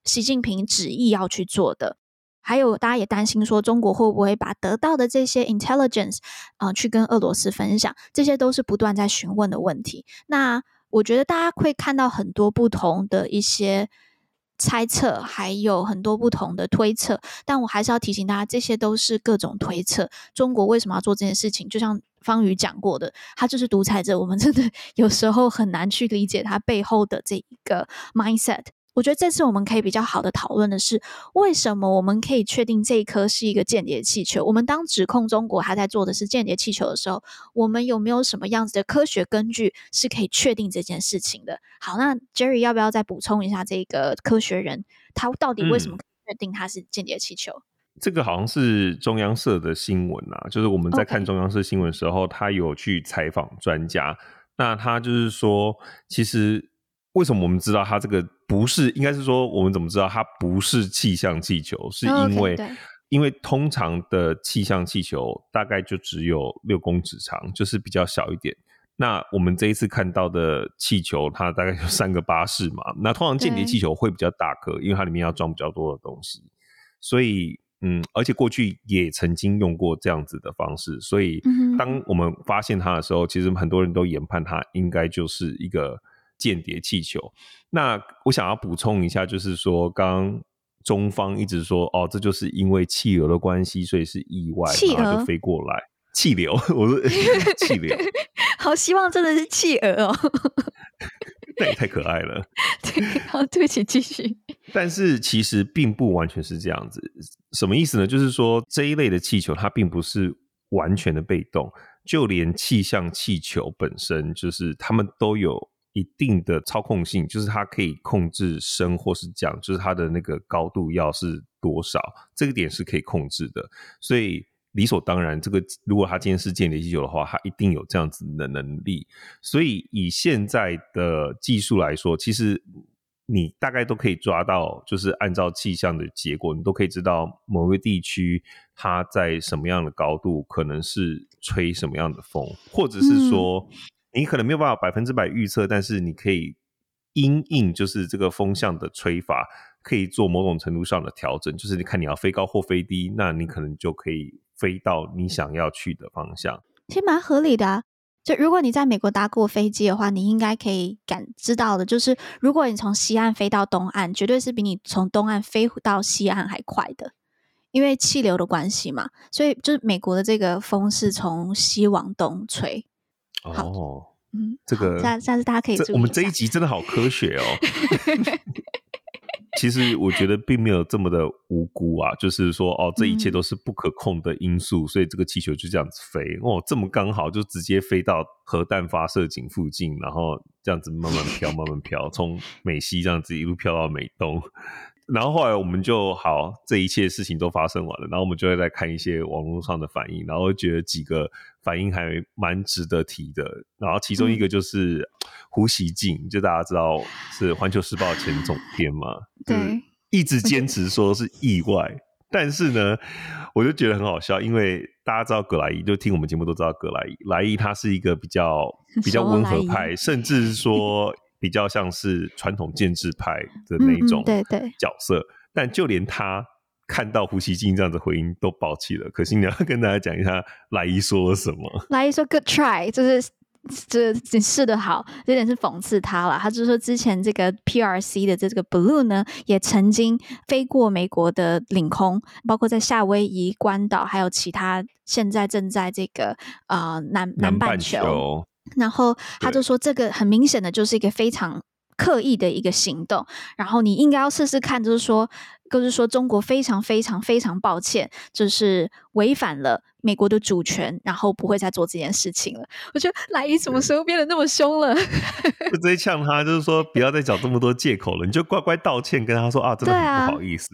習近平旨意要去做的？還有，大家也擔心說，中國會不會把得到的這些 intelligence 啊、呃，去跟俄羅斯分享？這些都是不斷在詢問的問題。那我覺得大家會看到很多不同的一些猜測，還有很多不同的推測。但我還是要提醒大家，這些都是各種推測。中國為什麼要做這件事情？就像方宇講過的，他就是獨裁者。我們真的有時候很難去理解他背後的這一個 mindset。我覺得這次我們可以比較好的討論的是，為什麼我們可以確定這一顆是一個間諜氣球？我們當指控中國他在做的是間諜氣球的時候，我們有沒有什麼樣子的科學根據是可以確定這件事情的？好，那 Jerry 要不要再補充一下這個科學人他到底為什麼可以確定他是間諜氣球？嗯，這個好像是中央社的新聞啊，就是我們在看中央社新聞的時候，Okay. 他有去採訪專家，那他就是說，其實。為什麼我們知道它這個不是？應該是說，我們怎麼知道它不是氣象氣球？是因為，因為通常的氣象氣球大概就只有六公尺長，就是比較小一點。那我們這一次看到的氣球，它大概有三個巴士嘛。那通常間諜氣球會比較大顆，因為它裡面要裝比較多的東西。所以，嗯，而且過去也曾經用過這樣子的方式。所以，當我們發現它的的時候，其實很多人都研判它應該就是一個。間諜氣球。那我想要補充一下，就是說，剛中方一直說，哦，這就是因為氣流的關係，所以是意外，氣流鵝飛過來，氣流，我說氣流， (laughs) 好希望真的是氣流哦 (laughs) (laughs) 對，太可愛了。對，好，對不起，繼續。但是其實並不完全是這樣子，什麼意思呢？就是說這一類的氣球，它並不是完全的被動，就連氣象氣球本身，就是它們都有。一定的操控性，就是它可以控制升或是降，就是它的那個高度要是多少、這個點是可以控制的。所以理所當然，這個如果它今天是建立氣球的話，它一定有這樣子的能力。所以以現在的技術來說，其實你大概都可以抓到，就是按照氣象的結果，你都可以知道某個地區它在什麼樣的高度，可能是吹什麼樣的風，或者是說、嗯。你可能沒有辦法百分之百預測，但是你可以因應，就是這個風向的吹法，可以做某種程度上的調整。就是你看你要飛高或飛低，那你可能就可以飛到你想要去的方向。其實蠻合理的啊，就如果你在美國搭過飛機的話，你應該可以感知到的，就是如果你從西岸飛到東岸，絕對是比你從東岸飛到西岸還快的，因為氣流的關係嘛。所以就是美國的這個風是從西往東吹。好哦，嗯，這個下下次大家可以，我們這一集真的好科學哦。 (laughs) (laughs) 其實我覺得並沒有這麼的無辜啊，就是說哦，這一切都是不可控的因素，嗯、所以這個氣球就這樣子飛哦，這麼剛好就直接飛到核彈發射井附近，然後這樣子慢慢飄， (laughs) 慢慢飄，從美西這樣子一路飄到美東，然後後來我們就好，這一切事情都發生完了，然後我們就會再看一些網絡上的反應，然後會覺得幾個。反應還蠻值得提的，然後其中一個就是胡錫進，嗯、就大家知道是《環球時報》前總編嘛，對，就一直堅持說是意外，okay. 但是呢，我就覺得很好笑，因為大家知道葛萊伊，就聽我們節目都知道葛萊伊，萊伊他是一個比較比較溫和派，甚至說比較像是傳統建制派的那種對對角色，嗯嗯但就連他。看到胡錫進這樣的回應都抱起了，可是你要跟大家講一下萊伊說了什麼？萊伊說 “good try”，就是這你試得好，有點是諷刺他了。他就是說之前這個 P R C 的這個 blue 呢，也曾經飛過美國的領空，包括在夏威夷、關島，還有其他現在正在這個呃南南半球，半球然後他就說，這個很明顯的就是一個非常。刻意的一個行動，然後你應該要試試看，就是說，就是說，中國非常非常非常抱歉，就是違反了美國的主權，然後不會再做這件事情了。我覺得萊伊什麼時候變得那麼凶了？就對 (laughs) 直接嗆他，就是說不要再找這麼多借口了，你就乖乖道歉，跟他說啊，真的很不好意思。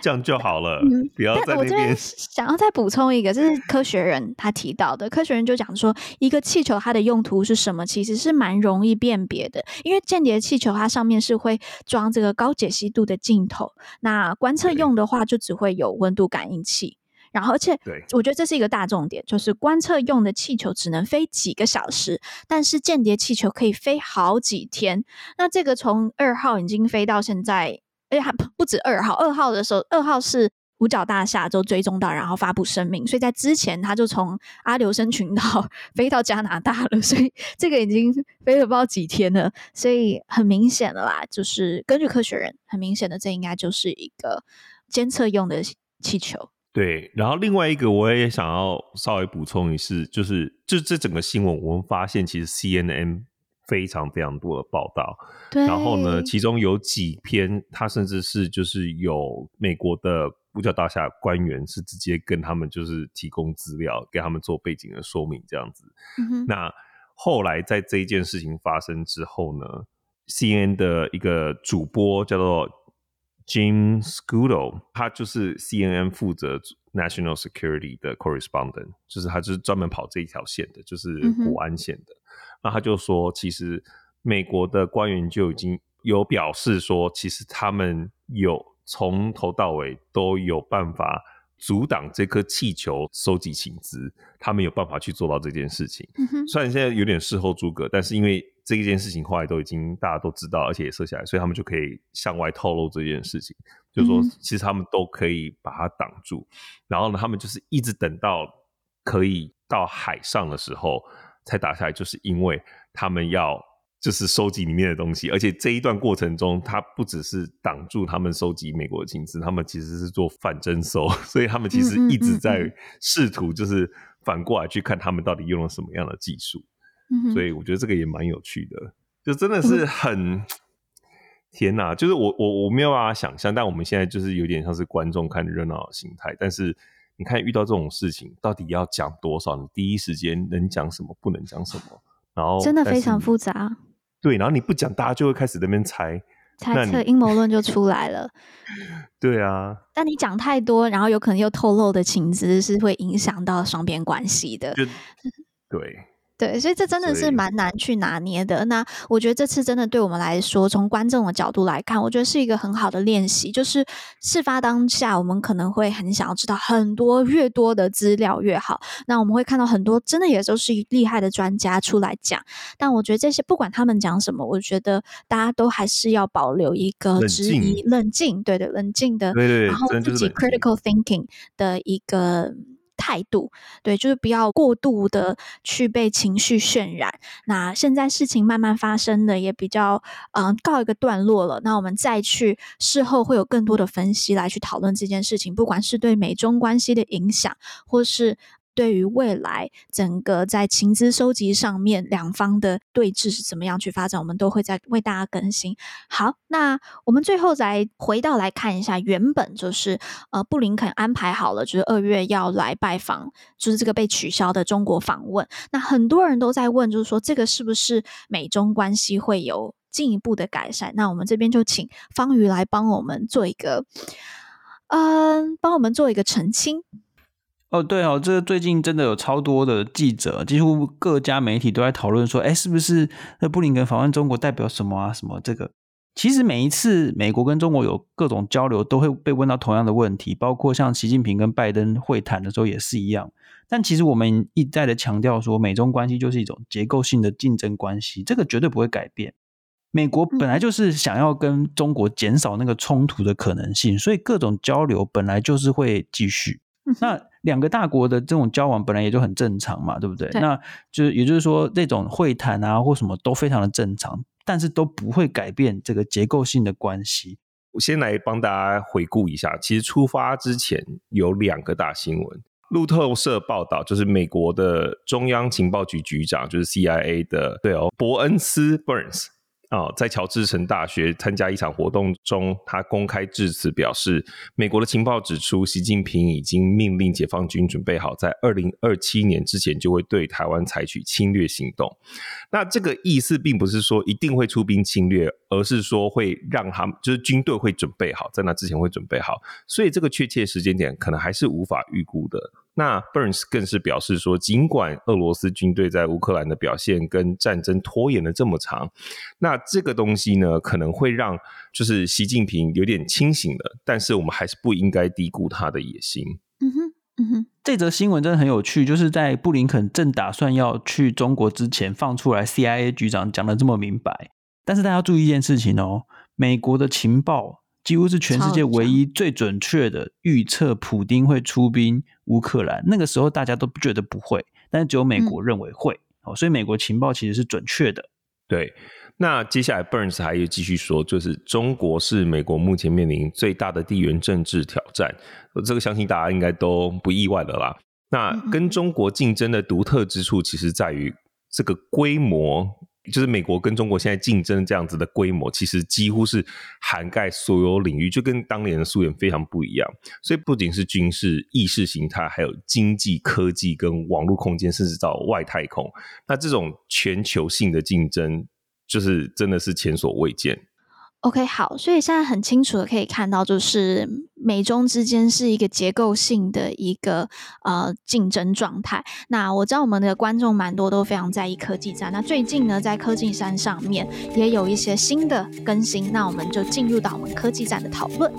這樣就好了，嗯、不要在那邊。我這邊想要再補充一個， (laughs) 這是科學人他提到的，科學人就講說，一個氣球它的用途是什麼，其實是蠻容易辨別的，因為間諜氣球它上面是會裝這個高解析度的鏡頭，那觀測用的話就只會有溫度感應器，對然後而且，我覺得這是一個大重點，就是觀測用的氣球只能飛幾個小時，但是間諜氣球可以飛好幾天。那這個從二號已經飛到現在。哎呀，不止二號，二號的時候，二號是五角大廈就追蹤到，然後發布聲明。所以在之前，他就從阿留申群島飛到加拿大了，所以這個已經飛了不知道幾天了。所以很明顯了啦，就是根據科學人，很明顯的，這應該就是一個監測用的氣球。對，然後另外一個我也想要稍微補充一次，就是就這整個新聞，我們發現其實 CNN。非常非常多的報道，對然後呢，其中有幾篇，他甚至是就是有美國的五角大廈官員是直接跟他們就是提供資料，給他們做背景的說明這樣子。嗯、哼那後來在這件事情發生之後呢，CNN 的一個主播叫做 Jim Scudo，他就是 C N N 負責 National Security 的 Correspondent，就是他就是專門跑這一條線的，就是國安線的。嗯那他就說，其實美國的官員就已經有表示說，其實他們有從頭到尾都有辦法阻擋這顆氣球收集情資，他們有辦法去做到這件事情。嗯、哼雖然現在有點事後諸葛，但是因為這一件事情後來都已經大家都知道，而且也射下來，所以他們就可以向外透露這件事情，嗯、哼就說其實他們都可以把它擋住。然後呢，他們就是一直等到可以到海上的時候。才打下來，就是因為他們要就是收集裡面的東西，而且這一段過程中，他不只是擋住他們收集美國的金子，他們其實是做反徵收，所以他們其實一直在試圖就是反過來去看他們到底用了什麼樣的技術，所以我覺得這個也蠻有趣的，就真的是很天哪，就是我我我沒有辦法想象，但我們現在就是有點像是觀眾看熱鬧的心態，但是。你看，遇到這種事情，到底要講多少？你第一時間能講什麼，不能講什麼？然後真的非常複雜。對，然後你不講，大家就會開始在那邊猜，猜測陰謀論就出來了。 (laughs) 對啊，但你講太多，然後有可能又透露的情資是會影響到雙邊關係的。對。對，所以這真的是蠻難去拿捏的。所以那我覺得這次真的對我們來說，從觀眾的角度來看，我覺得是一個很好的練習。就是事發當下，我們可能會很想要知道很多，越多的資料越好。那我們會看到很多，真的也都是厲害的專家出來講。但我覺得這些，不管他們講什麼，我覺得大家都還是要保留一個質疑、冷靜，冷靜，對對，冷靜的，對對對，冷靜然後自己 critical thinking 的一個。態度，對，就是不要過度的去被情緒渲染。那現在事情慢慢發生的也比較，嗯，告一個段落了。那我們再去事後會有更多的分析來去討論這件事情，不管是對美中關係的影響，或是。對於未來整個，在情資收集上面兩方的對峙是怎麼樣去發展，我們都會再為大家更新。好，那我們最後再回到來看一下，原本就是呃布林肯安排好了，就是二月要來拜訪，就是這個被取消的中國訪問。那很多人都在問，就是說這個是不是美中關係會有進一步的改善？那我們這邊就請方瑜來幫我們做一個，嗯、呃，幫我們做一個澄清。哦，對哦，這個、最近真的有超多的記者，幾乎各家媒體都在討論說，哎，是不是那布林肯訪問中國代表什麼啊？什麼這個？其實每一次美國跟中國有各種交流，都會被問到同樣的問題，包括像習近平跟拜登會談的時候也是一樣。但其實我們一再的強調說，美中關係就是一種結構性的競爭關係，這個絕對不會改變。美國本來就是想要跟中國減少那個衝突的可能性，所以各種交流本來就是會繼續。那兩個大國的這種交往本來也就很正常嘛，對不對？對，那就是，也就是說，這種會談啊或什麼都非常的正常，但是都不會改變這個結構性的關係。我先來幫大家回顧一下，其實出發之前有兩個大新聞。路透社報道，就是美國的中央情報局局長，就是 CIA 的，對哦，伯恩斯 （Burns）。啊，在喬治城大學參加一場活動中，他公開致辭表示，美國的情報指出，習近平已經命令解放軍準備好，在二零二七年之前就會對台灣採取侵略行動。那這個意思並不是說一定會出兵侵略，而是說會讓他們，就是軍隊會準備好，在那之前會準備好。所以，這個確切時間點可能還是無法預估的。那 Burns 更是表示說，儘管俄羅斯軍隊在烏克蘭的表現跟戰爭拖延了這麼長，那這個東西呢，可能會讓就是習近平有點清醒了，但是我們還是不應該低估他的野心。嗯哼，嗯哼，這則新聞真的很有趣，就是在布林肯正打算要去中國之前放出來，CIA 局長講得這麼明白。但是大家注意一件事情哦，美國的情報。幾乎是全世界唯一最準確的預測，普丁會出兵烏克蘭。那個時候大家都覺得不會，但只有美國認為會。嗯。所以美國情報其實是準確的。對，那接下來 Burns 還要繼續說，就是中國是美國目前面臨最大的地緣政治挑戰。我這個相信大家應該都不意外的啦。那跟中國競爭的獨特之處，其實在於這個規模。就是美國跟中國現在競爭這樣子的規模，其實幾乎是涵蓋所有領域，就跟當年的蘇聯非常不一樣。所以不僅是軍事、意識形態，還有經濟、科技跟網絡空間，甚至到外太空。那這種全球性的競爭，就是真的是前所未見。OK，好，所以現在很清楚的可以看到，就是美中之間是一個結構性的一個呃競爭狀態。那我知道我們的觀眾蠻多都非常在意科技戰，那最近呢在科技戰上面也有一些新的更新，那我們就進入到我們科技戰的討論。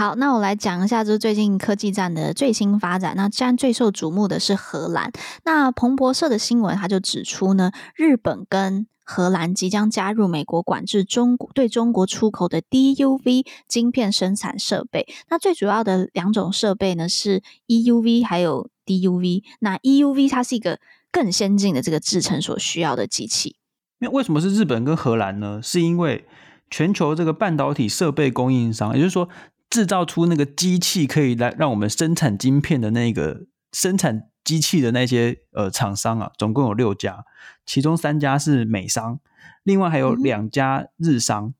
好，那我來講一下，就是最近科技戰的最新發展。那現在最受矚目的是荷蘭。那彭博社的新聞，他就指出呢，日本跟荷蘭即將加入美國管制中國對中國出口的 DUV 晶片生產設備。那最主要的兩種設備呢，是 EUV 還有 DUV。那 EUV 它是一個更先進的這個製程所需要的機器。那為什麼是日本跟荷蘭呢？是因為全球這個半導體設備供應商，也就是說。製造出那個機器可以來讓我們生產晶片的那個生產機器的那些呃廠商啊，總共有六家，其中三家是美商，另外還有兩家日商，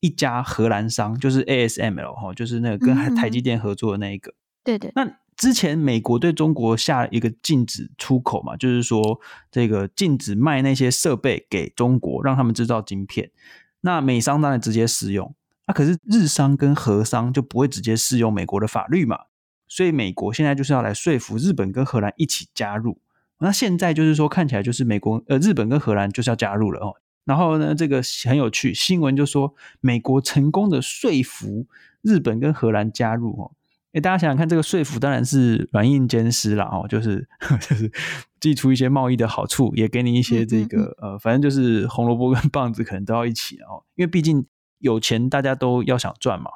一家荷蘭商，就是 ASML 哈，就是那個跟台積電合作的那個。對對。那之前美國對中國下一個禁止出口嘛，就是說這個禁止賣那些設備給中國，讓他們製造晶片。那美商當然直接使用。那、啊、可是日商跟荷商就不會直接適用美國的法律嘛，所以美國現在就是要來說服日本跟荷蘭一起加入。那現在就是說，看起來就是美國呃，日本跟荷蘭就是要加入了哦。然後呢，這個很有趣，新聞就說美國成功地說服日本跟荷蘭加入哦。誒，大家想想看，這個說服當然是軟硬兼施了哦，就是呵呵就是祭出一些貿易的好處，也給你一些這個呃，反正就是紅蘿蔔跟棒子可能都要一起哦，因為畢竟。有錢大家都要想賺嘛，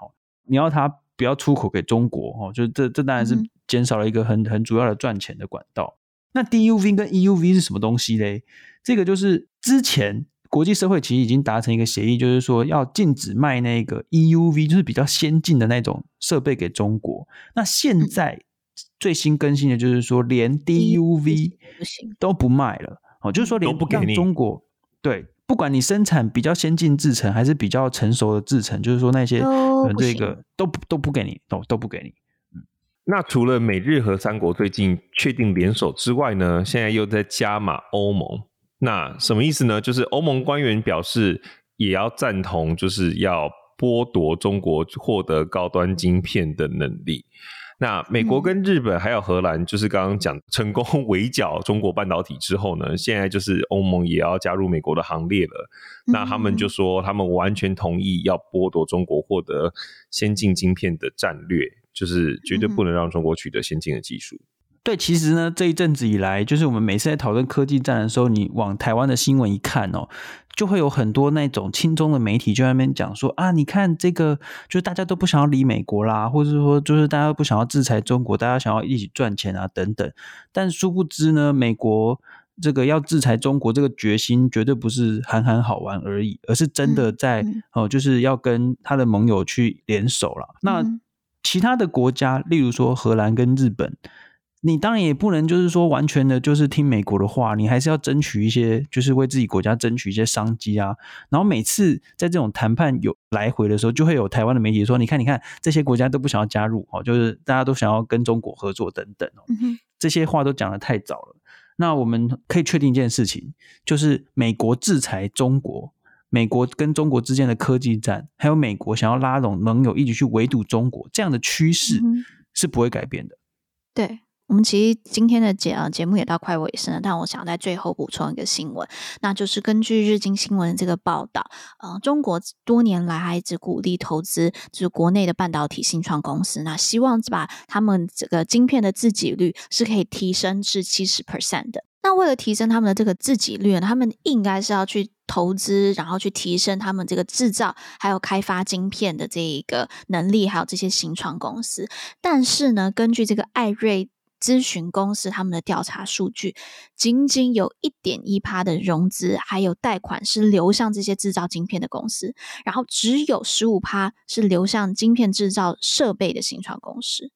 你要他不要出口給中國哦，就這這當然是減少了一個很很主要的賺錢的管道。那 DUV 跟 EUV 是什麼東西嘞？這個就是之前國際社會其實已經達成一個協議，就是說要禁止賣那個 EUV，就是比較先進的那種設備給中國。那現在最新更新的就是說，連 DUV 都不賣了哦，就是說連不給中國，對。不管你生產比較先進製程，還是比較成熟的製程，就是說那些、呃、這個都都不給你，都不給你。給你。嗯，那除了美日荷三國最近確定聯手之外呢，現在又在加碼歐盟。那什麼意思呢？就是歐盟官員表示也要贊同，就是要剝奪中國獲得高端晶片的能力。那美國跟日本還有荷蘭，就是剛剛講成功圍剿中國半導體之後呢，現在就是歐盟也要加入美國的行列了。那他們就說，他們完全同意要剝奪中國獲得先進晶,晶片的戰略，就是絕對不能讓中國取得先進的技術。對，其實呢，這一陣子以來，就是我們每次在討論科技戰的時候，你往台灣的新聞一看哦，就會有很多那種親中的媒體就在那邊講說啊，你看這個，就是大家都不想要離美國啦，或者是說就是大家都不想要制裁中國，大家想要一起賺錢啊等等。但殊不知呢，美國這個要制裁中國這個決心，絕對不是喊喊好玩而已，而是真的在哦、嗯嗯呃，就是要跟他的盟友去聯手了。那其他的國家，例如說荷蘭跟日本。你當然也不能就是說完全的就是聽美國的話，你還是要爭取一些就是為自己國家爭取一些商機啊。然後每次在這種談判有來回的時候，就會有台灣的媒體說：“你看，你看，這些國家都不想要加入哦，就是大家都想要跟中國合作等等哦。”這些話都講得太早了。嗯哼。那我們可以確定一件事情，就是美國制裁中國，美國跟中國之間的科技戰，還有美國想要拉攏盟友一起去圍堵中國，這樣的趨勢是不會改變的。嗯哼。對。我們其實今天的節呃節目也到快尾聲了，但我想在最後補充一個新聞，那就是根據日經新聞這個報道呃，中國多年來還一直鼓勵投資，就是國內的半導體新創公司，那希望把他們這個晶片的自給率是可以提升至七十 percent 的。那為了提升他們的這個自給率呢，他們應該是要去投資，然後去提升他們這個製造還有開發晶片的這一個能力，還有這些新創公司。但是呢，根據這個艾瑞。諮詢公司他們的調查數據，僅僅有一點一趴的融資，還有貸款是流向這些製造晶片的公司，然後只有十五趴是流向晶片製造設備的新創公司，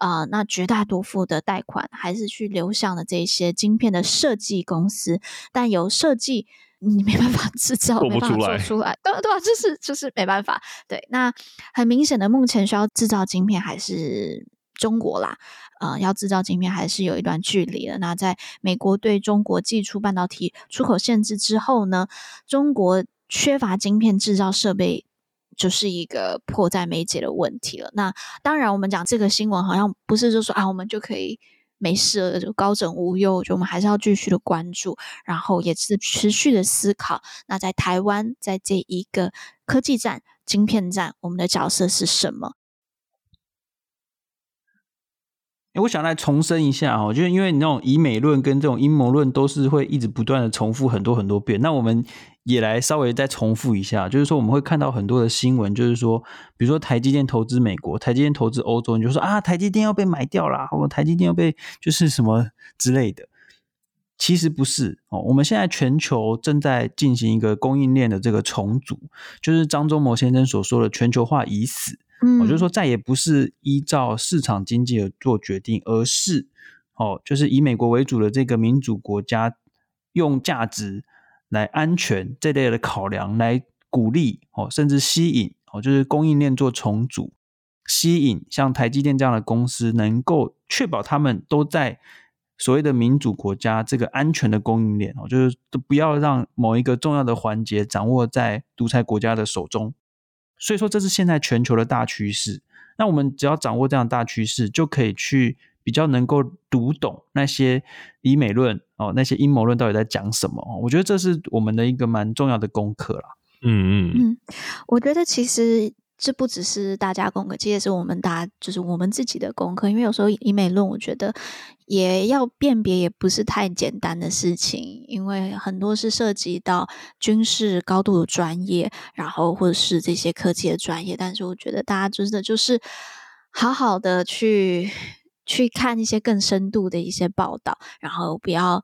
呃，那絕大多數的貸款還是去流向了這些晶片的設計公司，但有設計你沒辦法製造，做不出來，沒辦法出來對啊對啊，就是就是沒辦法，對，那很明顯的，目前需要製造晶片還是。中國啦，呃，要製造晶片，還是有一段距離的。那在美國對中國祭出半導體出口限制之後呢，中國缺乏晶片製造設備就是一個迫在眉睫的問題了。那當然，我們講這個新聞好像不是就是說啊，我們就可以沒事了就高枕無憂，就我們還是要繼續的關注，然後也是持續的思考。那在台灣，在這一個科技戰，晶片戰，我們的角色是什麼？欸、我想來重申一下哦，就是因為你那種疑美論，跟這種陰謀論都是會一直不斷的重複很多很多遍。那我們也來稍微再重複一下，就是說我們會看到很多的新聞，就是說，比如說台積電投資美國，台積電投資歐洲，你就說啊，台積電要被買掉啦，我們台積電要被就是什麼之類的。其實不是哦，我們現在全球正在進行一個供應鏈的這個重組，就是張忠謀先生所說的全球化已死。嗯，我就說，再也不是依照市場經濟而做決定，而是哦，就是以美國為主的這個民主國家，用價值來安全這類的考量來鼓勵哦，甚至吸引哦，就是供應鏈做重組，吸引像台積電這樣的公司，能夠確保他們都在所謂的民主國家這個安全的供應鏈哦，就是都不要讓某一個重要的環節掌握在獨裁國家的手中。所以說，這是現在全球的大趨勢。那我們只要掌握這樣的大趨勢，就可以去比較能夠讀懂那些疑美論哦，那些陰謀論到底在講什麼，哦。我覺得這是我們的一個蠻重要的功課啦。嗯嗯嗯，我覺得其實。這不只是大家功課，這也是我們大家就是我們自己的功課。因為有時候醫美論，我覺得也要辨別，也不是太簡單的事情。因為很多是涉及到軍事高度的專業，然後或者是這些科技的專業。但是我覺得大家真的就是好好的去去看一些更深度的一些報道，然後不要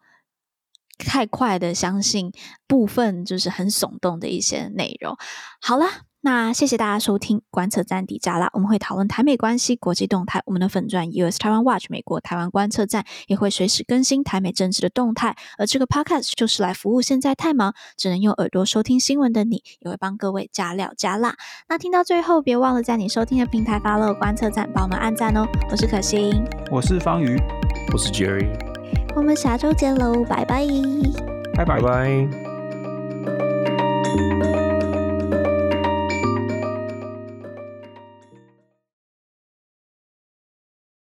太快的相信部分就是很聳動的一些內容。好了。那謝謝大家收聽觀測站底加啦，我們會討論台美關係、國際動態。我們的粉專 US 台灣 Watch 美國台灣觀測站也會隨時更新台美政治的動態。而這個 podcast 就是來服務現在太忙，只能用耳朵收聽新聞的你，也會幫各位加料加辣。那聽到最後，別忘了在你收聽的平台 follow 觀測站，幫我們按讚哦。我是可心，我是方瑜，我是 Jerry。我們下周見嘍，拜拜，拜拜拜。